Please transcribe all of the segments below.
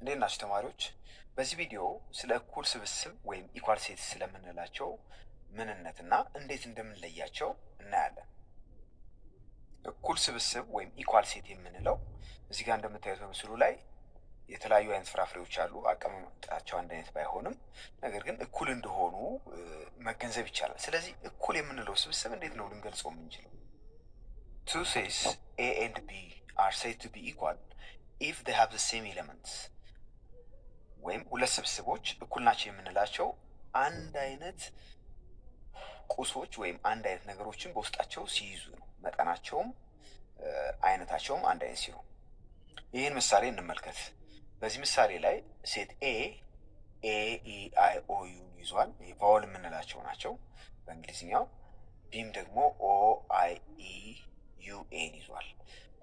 እንዴት ናችሁ ተማሪዎች? በዚህ ቪዲዮ ስለ እኩል ስብስብ ወይም ኢኳል ሴት ስለምንላቸው ምንነትና እንዴት እንደምንለያቸው እናያለን። እኩል ስብስብ ወይም ኢኳል ሴት የምንለው እዚህ ጋር እንደምታዩት በምስሉ ላይ የተለያዩ አይነት ፍራፍሬዎች አሉ። አቀማመጣቸው አንድ አይነት ባይሆንም ነገር ግን እኩል እንደሆኑ መገንዘብ ይቻላል። ስለዚህ እኩል የምንለው ስብስብ እንዴት ነው ልንገልጸው የምንችለው? ቱ ሴትስ ኤ ኤንድ ቢ አር ሴት ቱ ቢ ኢኳል ኢፍ ዜይ ሃቭ ዘ ሴም ኤሌመንትስ ወይም ሁለት ስብስቦች እኩል ናቸው የምንላቸው አንድ አይነት ቁሶች ወይም አንድ አይነት ነገሮችን በውስጣቸው ሲይዙ ነው። መጠናቸውም አይነታቸውም አንድ አይነት ሲሆን፣ ይህን ምሳሌ እንመልከት። በዚህ ምሳሌ ላይ ሴት ኤ ኤ ኢ አይ ኦ ዩ ይዟል። ቫወል የምንላቸው ናቸው በእንግሊዝኛው። ቢም ደግሞ ኦ አይ ኢ ዩ ኤን ይዟል።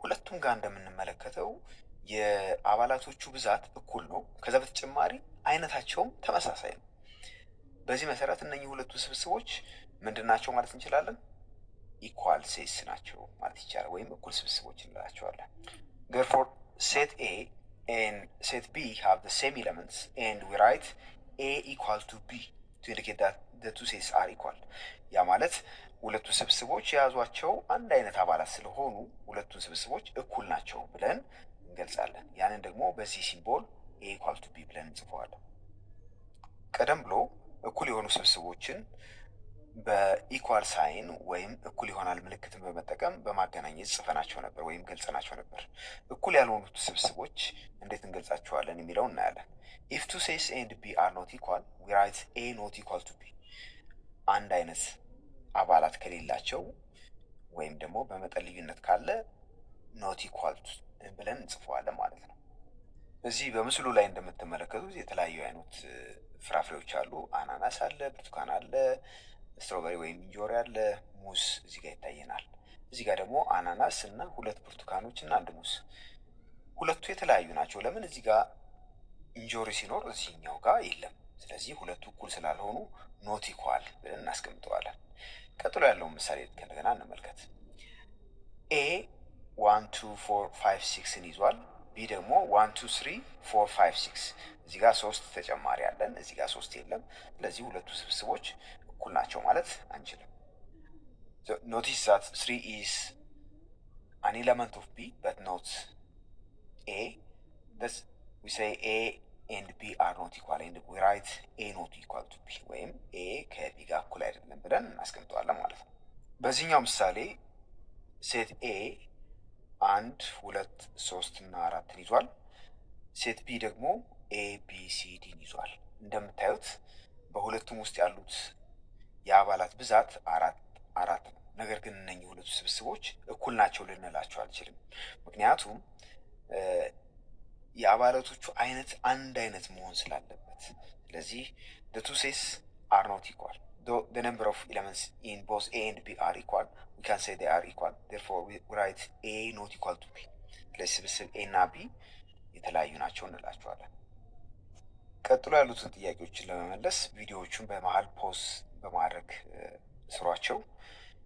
ሁለቱም ጋር እንደምንመለከተው የአባላቶቹ ብዛት እኩል ነው። ከዛ በተጨማሪ አይነታቸውም ተመሳሳይ ነው። በዚህ መሰረት እነኚህ ሁለቱ ስብስቦች ምንድን ናቸው ማለት እንችላለን? ኢኳል ሴትስ ናቸው ማለት ይቻላል፣ ወይም እኩል ስብስቦች እንላቸዋለን። ዴርፎር ሴት ኤ ኤንድ ሴት ቢ ሃቭ ዘ ሴም ኤለመንትስ ኤንድ ዊ ራይት ኤ ኢኳል ቱ ቢ ቱ ኢንዲኬት ዘ ቱ ሴትስ አር ኢኳል። ያ ማለት ሁለቱ ስብስቦች የያዟቸው አንድ አይነት አባላት ስለሆኑ ሁለቱን ስብስቦች እኩል ናቸው ብለን እንገልጻለን። ያንን ደግሞ በዚህ ሲምቦል ኤ ኢኳል ቱ ቢ ብለን እንጽፈዋለን። ቀደም ብሎ እኩል የሆኑ ስብስቦችን በኢኳል ሳይን ወይም እኩል ይሆናል ምልክትን በመጠቀም በማገናኘት ጽፈናቸው ነበር ወይም ገልጸናቸው ነበር። እኩል ያልሆኑት ስብስቦች እንዴት እንገልጻቸዋለን የሚለው እናያለን። ኢፍ ቱ ሴስ ኤንድ ቢ አር ኖት ኢኳል ዊ ራይት ኤ ኖት ኢኳል ቱ ቢ። አንድ አይነት አባላት ከሌላቸው ወይም ደግሞ በመጠን ልዩነት ካለ ኖት ኢኳል ብለን እንጽፈዋለን ማለት ነው። እዚህ በምስሉ ላይ እንደምትመለከቱት የተለያዩ አይነት ፍራፍሬዎች አሉ። አናናስ አለ፣ ብርቱካን አለ፣ ስትሮበሪ ወይም እንጆሪ አለ፣ ሙዝ እዚህ ጋር ይታየናል። እዚህ ጋር ደግሞ አናናስ እና ሁለት ብርቱካኖች እና አንድ ሙዝ፣ ሁለቱ የተለያዩ ናቸው። ለምን እዚህ ጋር እንጆሪ ሲኖር እዚህኛው ጋር የለም። ስለዚህ ሁለቱ እኩል ስላልሆኑ ኖት ይኳል ብለን እናስቀምጠዋለን። ቀጥሎ ያለውን ምሳሌ ከእንደገና እንመልከት ኤ ዋን ቱ ፎር ፋይቭ ሲክስን ይዟል። ቢ ደግሞ ዋን ቱ ስሪ ፎር ፋይቭ ሲክስ እዚህ ጋር ሶስት ተጨማሪ አለን፣ እዚህ ጋር ሶስት የለም። ስለዚህ ሁለቱ ስብስቦች እኩል ናቸው ማለት አንችልም። ኖቲስ ዛት ስሪ ኢዝ አን ኤለመንት ኦፍ ቢ በት ኖት ኤ ስ ዊ ሴይ ኤ ኤንድ ቢ አር ኖት ኢኳል ኤንድ ዊ ራይት ኤ ኖት ኢኳል ቱ ቢ ወይም ኤ ከቢ ጋር እኩል አይደለም ብለን እናስቀምጠዋለን ማለት ነው። በዚህኛው ምሳሌ ሴት ኤ አንድ ሁለት ሶስት እና አራትን ይዟል። ሴት ቢ ደግሞ ኤ ቢ ሲ ዲን ይዟል። እንደምታዩት በሁለቱም ውስጥ ያሉት የአባላት ብዛት አራት አራት ነው። ነገር ግን እነኚህ ሁለቱ ስብስቦች እኩል ናቸው ልንላቸው አልችልም። ምክንያቱም የአባላቶቹ አይነት አንድ አይነት መሆን ስላለበት። ስለዚህ ቱ አርኖት አር though the number of elements in both a and b are equal, we can say they are equal. Therefore, we write a not equal to b. ስለዚህ ስብስብ እና ቢ የተለያዩ ናቸው እንላቸዋለን። ቀጥሎ ያሉትን ጥያቄዎችን ለመመለስ ቪዲዮዎቹን በመሀል ፖዝ በማድረግ ስሯቸው።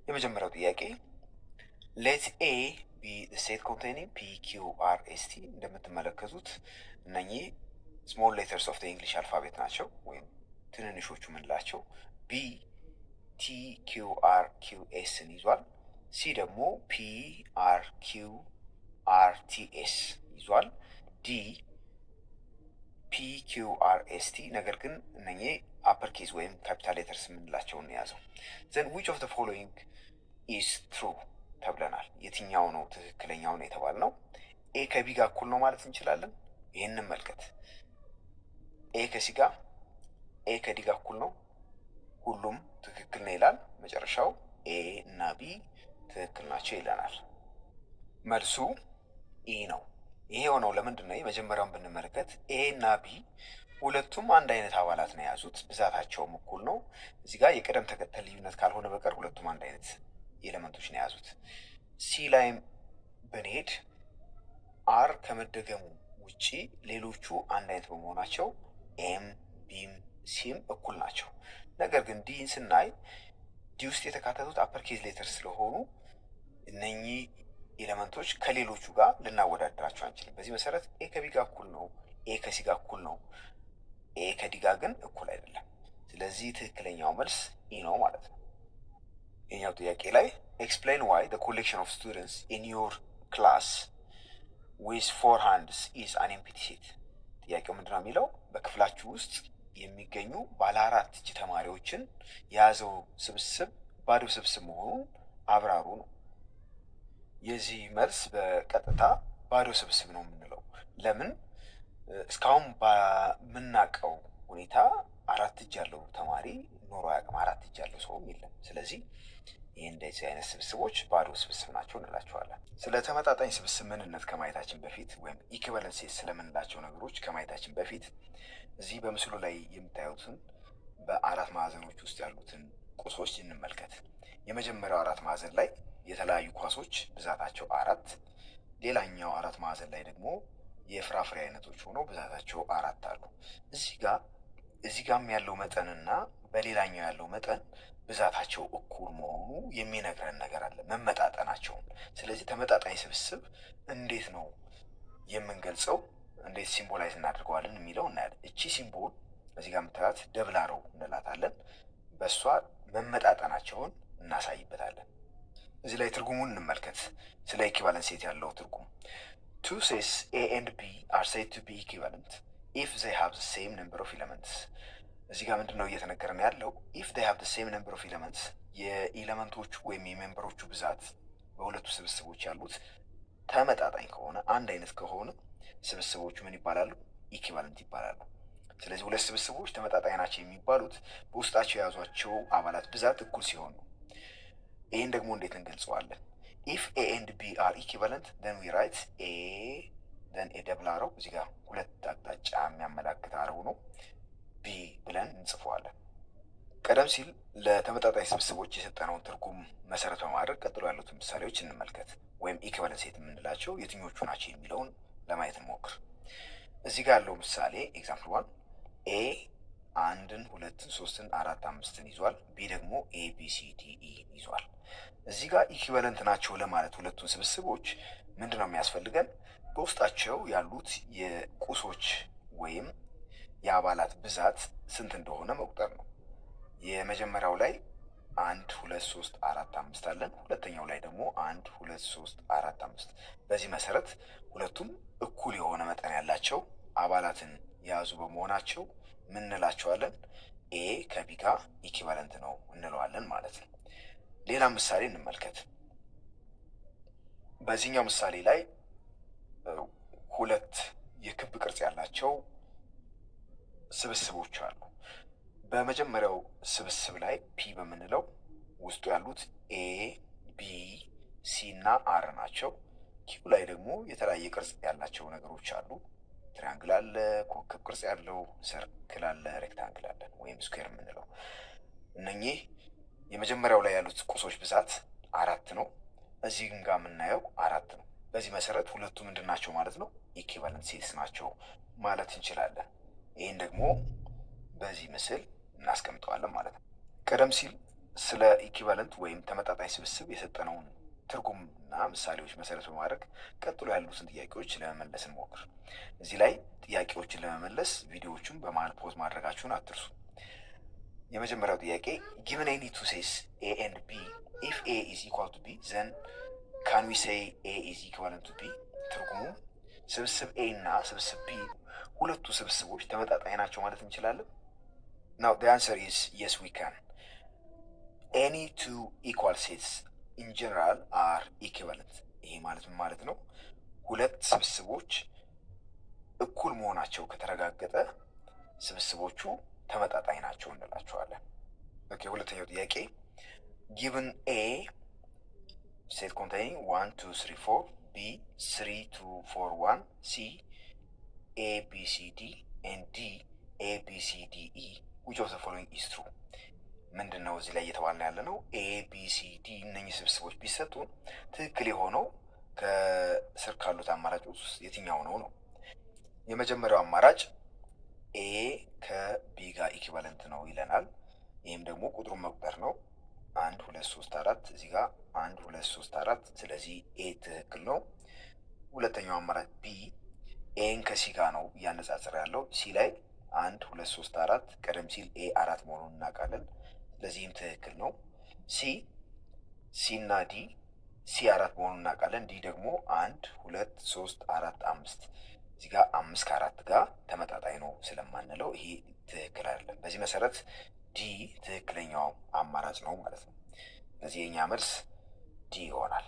የመጀመሪያው ጥያቄ ሌት ኤ ቢ ሴት ኮንቴኒንግ ፒ ኪው አር ኤስ ቲ። እንደምትመለከቱት እነኚህ ስሞል ሌተርስ ኦፍ ኢንግሊሽ አልፋቤት ናቸው ወይም ትንንሾቹ ምንላቸው ቢ ቲ ኪው አር ኪው ኤስን ይዟል። ሲ ደግሞ ፒ አር ኪው አር ቲ ኤስ ይዟል። ዲ ፒ ኪው አር ኤስ ቲ ነገር ግን እነኚህ አፐር ኬዝ ወይም ካፒታል ሌተርስ የምንላቸውን የያዘው ዘን ዊች ኦፍ ዘ ፎሎዊንግ ኢስ ትሩ ተብለናል። የትኛው ነው ትክክለኛው ነው የተባልነው? ኤ ከቢ ጋር እኩል ነው ማለት እንችላለን። ይህን መልከት ኤ ከሲ ጋር ኤ ከዲ ጋር እኩል ነው ሁሉም ትክክል ነው ይላል። መጨረሻው ኤ እና ቢ ትክክል ናቸው ይለናል። መልሱ ኢ ነው። ይሄ የሆነው ለምንድን ነው? የመጀመሪያውን ብንመለከት ኤ እና ቢ ሁለቱም አንድ አይነት አባላት ነው የያዙት፣ ብዛታቸውም እኩል ነው። እዚህ ጋር የቅደም ተከተል ልዩነት ካልሆነ በቀር ሁለቱም አንድ አይነት ኤሌመንቶች ነው የያዙት። ሲ ላይም ብንሄድ አር ከመደገሙ ውጪ ሌሎቹ አንድ አይነት በመሆናቸው ኤም ቢም ሲም እኩል ናቸው። ነገር ግን ዲን ስናይ ዲ ውስጥ የተካተቱት አፐር ኬዝ ስለሆኑ እነኚህ ኤሌመንቶች ከሌሎቹ ጋር ልናወዳደራቸው አንችልም። በዚህ መሰረት ኤ ከቢ ጋር እኩል ነው፣ ኤ ከሲ ጋር እኩል ነው፣ ኤ ከዲ ጋር ግን እኩል አይደለም። ስለዚህ ትክክለኛው መልስ ኢ ነው ማለት ነው። የኛው ጥያቄ ላይ ኤክስፕሌን ዋይ ዘ ኮሌክሽን ኦፍ ስቱደንትስ ኢን ዮር ክላስ ዊዝ ፎር ሃንድስ ኢዝ አን ሴት። ጥያቄው ምንድነው የሚለው በክፍላችሁ ውስጥ የሚገኙ ባለ አራት እጅ ተማሪዎችን የያዘው ስብስብ ባዶ ስብስብ መሆኑን አብራሩ ነው። የዚህ መልስ በቀጥታ ባዶ ስብስብ ነው የምንለው። ለምን? እስካሁን በምናውቀው ሁኔታ አራት እጅ ያለው ተማሪ ኖሮ አያውቅም። አራት እጅ ያለው ሰውም የለም። ስለዚህ ይህ እንደዚህ አይነት ስብስቦች ባዶ ስብስብ ናቸው እንላቸዋለን። ስለ ተመጣጣኝ ስብስብ ምንነት ከማየታችን በፊት ወይም ኢኩቫለንስ ስለምንላቸው ነገሮች ከማየታችን በፊት እዚህ በምስሉ ላይ የምታዩትን በአራት ማዕዘኖች ውስጥ ያሉትን ቁሶች እንመልከት። የመጀመሪያው አራት ማዕዘን ላይ የተለያዩ ኳሶች ብዛታቸው አራት፣ ሌላኛው አራት ማዕዘን ላይ ደግሞ የፍራፍሬ አይነቶች ሆነው ብዛታቸው አራት አሉ። እዚህ ጋር እዚህ ጋም ያለው መጠንና በሌላኛው ያለው መጠን ብዛታቸው እኩል መሆኑ የሚነግረን ነገር አለ፣ መመጣጠናቸውን። ስለዚህ ተመጣጣኝ ስብስብ እንዴት ነው የምንገልጸው፣ እንዴት ሲምቦላይዝ እናድርገዋለን የሚለው እናያለን። እቺ ሲምቦል እዚህ ጋር የምታያት ደብላረው እንላታለን። በእሷ መመጣጠናቸውን እናሳይበታለን። እዚህ ላይ ትርጉሙን እንመልከት፣ ስለ ኢኪቫለንስ ሴት ያለው ትርጉም ቱ ሴትስ ኤ ኤንድ ቢ አር ሴት ቱ ቢ ኢኪቫለንት ኢፍ ዘይ ሃቭ ሴም ነምበር ኦፍ ኢለመንትስ እዚህ ጋር ምንድን ነው እየተነገረን ያለው? ኢፍ ዴይ ሃቭ ሴም ነምበር ኦፍ ኤለመንትስ የኤለመንቶቹ ወይም የሜምበሮቹ ብዛት በሁለቱ ስብስቦች ያሉት ተመጣጣኝ ከሆነ አንድ አይነት ከሆነ ስብስቦቹ ምን ይባላሉ? ኢኪቫለንት ይባላሉ። ስለዚህ ሁለት ስብስቦች ተመጣጣኝ ናቸው የሚባሉት በውስጣቸው የያዟቸው አባላት ብዛት እኩል ሲሆኑ። ይህን ደግሞ እንዴት እንገልጸዋለን? ኢፍ ኤ ኤንድ ቢ አር ኢኪቫለንት ደን ዊ ራይት ኤ ደን ኤ ደብል አረው እዚህ ጋር ሁለት አቅጣጫ የሚያመላክት አረው ነው ቢ ብለን እንጽፈዋለን። ቀደም ሲል ለተመጣጣኝ ስብስቦች የሰጠነውን ትርጉም መሰረት በማድረግ ቀጥሎ ያሉትን ምሳሌዎች እንመልከት፣ ወይም ኢኩቫለንስ የምንላቸው የትኞቹ ናቸው የሚለውን ለማየት እንሞክር። እዚህ ጋር ያለው ምሳሌ ኤግዛምፕል ዋን ኤ አንድን፣ ሁለትን፣ ሶስትን፣ አራት፣ አምስትን ይዟል። ቢ ደግሞ ኤ ቢ ሲ ዲ ኢ ይዟል። እዚህ ጋር ኢኩቫለንት ናቸው ለማለት ሁለቱን ስብስቦች ምንድን ነው የሚያስፈልገን? በውስጣቸው ያሉት የቁሶች ወይም የአባላት ብዛት ስንት እንደሆነ መቁጠር ነው። የመጀመሪያው ላይ አንድ ሁለት ሶስት አራት አምስት አለን። ሁለተኛው ላይ ደግሞ አንድ ሁለት ሶስት አራት አምስት። በዚህ መሰረት ሁለቱም እኩል የሆነ መጠን ያላቸው አባላትን የያዙ በመሆናቸው ምን እንላቸዋለን? ኤ ከቢ ጋር ኢኪቫለንት ነው እንለዋለን ማለት ነው። ሌላ ምሳሌ እንመልከት። በዚህኛው ምሳሌ ላይ ሁለት የክብ ቅርጽ ያላቸው ስብስቦች አሉ። በመጀመሪያው ስብስብ ላይ ፒ በምንለው ውስጡ ያሉት ኤ፣ ቢ፣ ሲ እና አር ናቸው። ኪው ላይ ደግሞ የተለያየ ቅርጽ ያላቸው ነገሮች አሉ። ትሪያንግል አለ፣ ኮከብ ቅርጽ ያለው ሰርክል አለ፣ ሬክታንግል አለ ወይም ስኩዌር የምንለው እነኚህ የመጀመሪያው ላይ ያሉት ቁሶች ብዛት አራት ነው። እዚህም ጋር የምናየው አራት ነው። በዚህ መሰረት ሁለቱ ምንድን ናቸው ማለት ነው? ኢኩቫለንት ሴትስ ናቸው ማለት እንችላለን። ይህን ደግሞ በዚህ ምስል እናስቀምጠዋለን ማለት ነው። ቀደም ሲል ስለ ኢኪቫለንት ወይም ተመጣጣኝ ስብስብ የሰጠነውን ትርጉምና ምሳሌዎች መሰረት በማድረግ ቀጥሎ ያሉትን ጥያቄዎች ለመመለስ እንሞክር። እዚህ ላይ ጥያቄዎችን ለመመለስ ቪዲዮዎቹን በመሀል ፖዝ ማድረጋችሁን አትርሱ። የመጀመሪያው ጥያቄ ጊቨን ኤኒ ቱ ሴስ ኤ ኤንድ ቢ ኢፍ ኤ ኢዝ ኢኳል ቱ ቢ ዘን ካን ዊ ሴይ ኤ ኢዝ ኢኳል ቱ ቢ። ትርጉሙ ስብስብ ኤ እና ስብስብ ቢ ሁለቱ ስብስቦች ተመጣጣኝ ናቸው ማለት እንችላለን። ናው አንሰር ኢዝ የስ ዊ ካን ኤኒ ቱ ኢኳል ሴትስ ኢን ጀነራል አር ኢኩቫለንት። ይሄ ማለት ምን ማለት ነው? ሁለት ስብስቦች እኩል መሆናቸው ከተረጋገጠ ስብስቦቹ ተመጣጣኝ ናቸው እንላቸዋለን። ኦኬ ሁለተኛው ጥያቄ ጊቨን ኤ ሴት ኮንቴኒንግ ዋን ቱ ስሪ ፎር ቢ ስሪ ቱ ፎር ዋን ሲ A, B, C, D, and D, A, B, C, D, e, ምንድን ነው እዚህ ላይ እየተባለ ያለ ነው? ኤቢሲዲ እነኚህ ስብስቦች ቢሰጡ ትክክል የሆነው ከስር ካሉት አማራጮች ውስጥ የትኛው ነው ነው። የመጀመሪያው አማራጭ ኤ ከቢ ጋር ኢኪቫለንት ነው ይለናል። ይህም ደግሞ ቁጥሩን መቁጠር ነው። አንድ ሁለት ሶስት አራት እዚህ ጋር አንድ ሁለት ሶስት አራት። ስለዚህ ኤ ትክክል ነው። ሁለተኛው አማራጭ ቢ ኤን ከሲ ጋር ነው እያነጻጽር ያለው። ሲ ላይ አንድ ሁለት ሶስት አራት ቀደም ሲል ኤ አራት መሆኑን እናውቃለን። ለዚህም ትክክል ነው። ሲ ሲ እና ዲ ሲ አራት መሆኑን እናውቃለን። ዲ ደግሞ አንድ ሁለት ሶስት አራት አምስት እዚህ ጋር አምስት ከአራት ጋር ተመጣጣኝ ነው ስለማንለው ይሄ ትክክል አይደለም። በዚህ መሰረት ዲ ትክክለኛው አማራጭ ነው ማለት ነው። ስለዚህ የኛ መልስ ዲ ይሆናል።